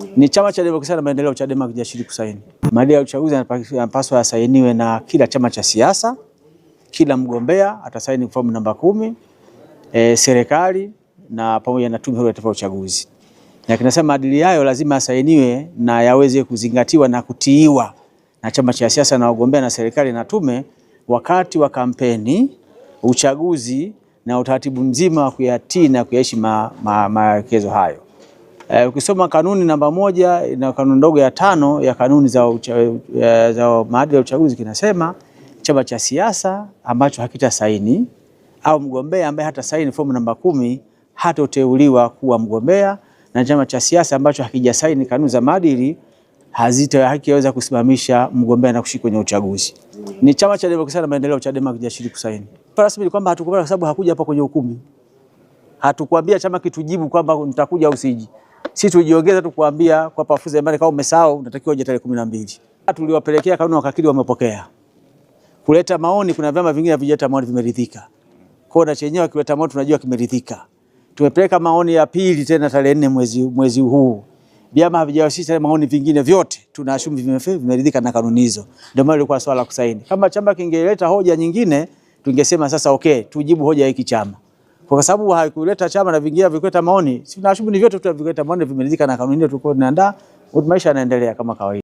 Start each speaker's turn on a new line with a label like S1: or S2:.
S1: Mm. Ni chama cha demokrasia na maendeleo Chadema kijashiriki kusaini. Maadili ya uchaguzi yanapaswa yasainiwe na kila chama cha siasa, kila mgombea atasaini fomu namba kumi, e, serikali na pamoja na tume huru ya taifa ya uchaguzi. Na kinasema maadili hayo lazima yasainiwe na yaweze kuzingatiwa na kutiiwa na chama cha siasa na wagombea na serikali na tume wakati wa kampeni, uchaguzi na utaratibu mzima wa kuyatii na kuyaishi maelekezo ma, ma, hayo. Uh, Ukisoma kanuni namba moja na kanuni ndogo ya tano ya kanuni za, ucha, za maadili ya uchaguzi kinasema chama cha siasa ambacho hakita saini au mgombea ambaye hata saini fomu namba kumi hatoteuliwa kuwa mgombea, na chama cha siasa ambacho hakijasaini kanuni za maadili hazita hakiweza kusimamisha mgombea na kushiriki kwenye uchaguzi. Ni chama cha demokrasia na maendeleo, Chadema, hakijashiriki kusaini rasmi, kwamba hatukupata kwa sababu hakuja hapa kwenye ukumbi. Hatukwambia chama kitujibu kwamba nitakuja usiji si tujiongeza tu kuambia kwa pafuzi ambaye kama umesahau unatakiwa uje tarehe 12. Tuliwapelekea kanuni wakakili wamepokea. Kuleta maoni kuna vyama vingine havijata maoni vimeridhika. Kwa na chenyewe kileta maoni tunajua kimeridhika. Tumepeleka maoni ya pili tena tarehe 4 mwezi mwezi huu. Vyama havijawasilisha maoni vingine vyote tunaashumu vimeridhika na kanuni hizo. Ndio maana ilikuwa swala kusaini. Kama chama kingeleta hoja nyingine tungesema sasa okay, tujibu hoja hiki chama. Kwa sababu haikuleta chama na vingia vikuleta maoni, si na shughuli vyote tutavikuleta maoni vimalizika na kanuni tulikuwa tunaandaa, maisha yanaendelea kama kawaida.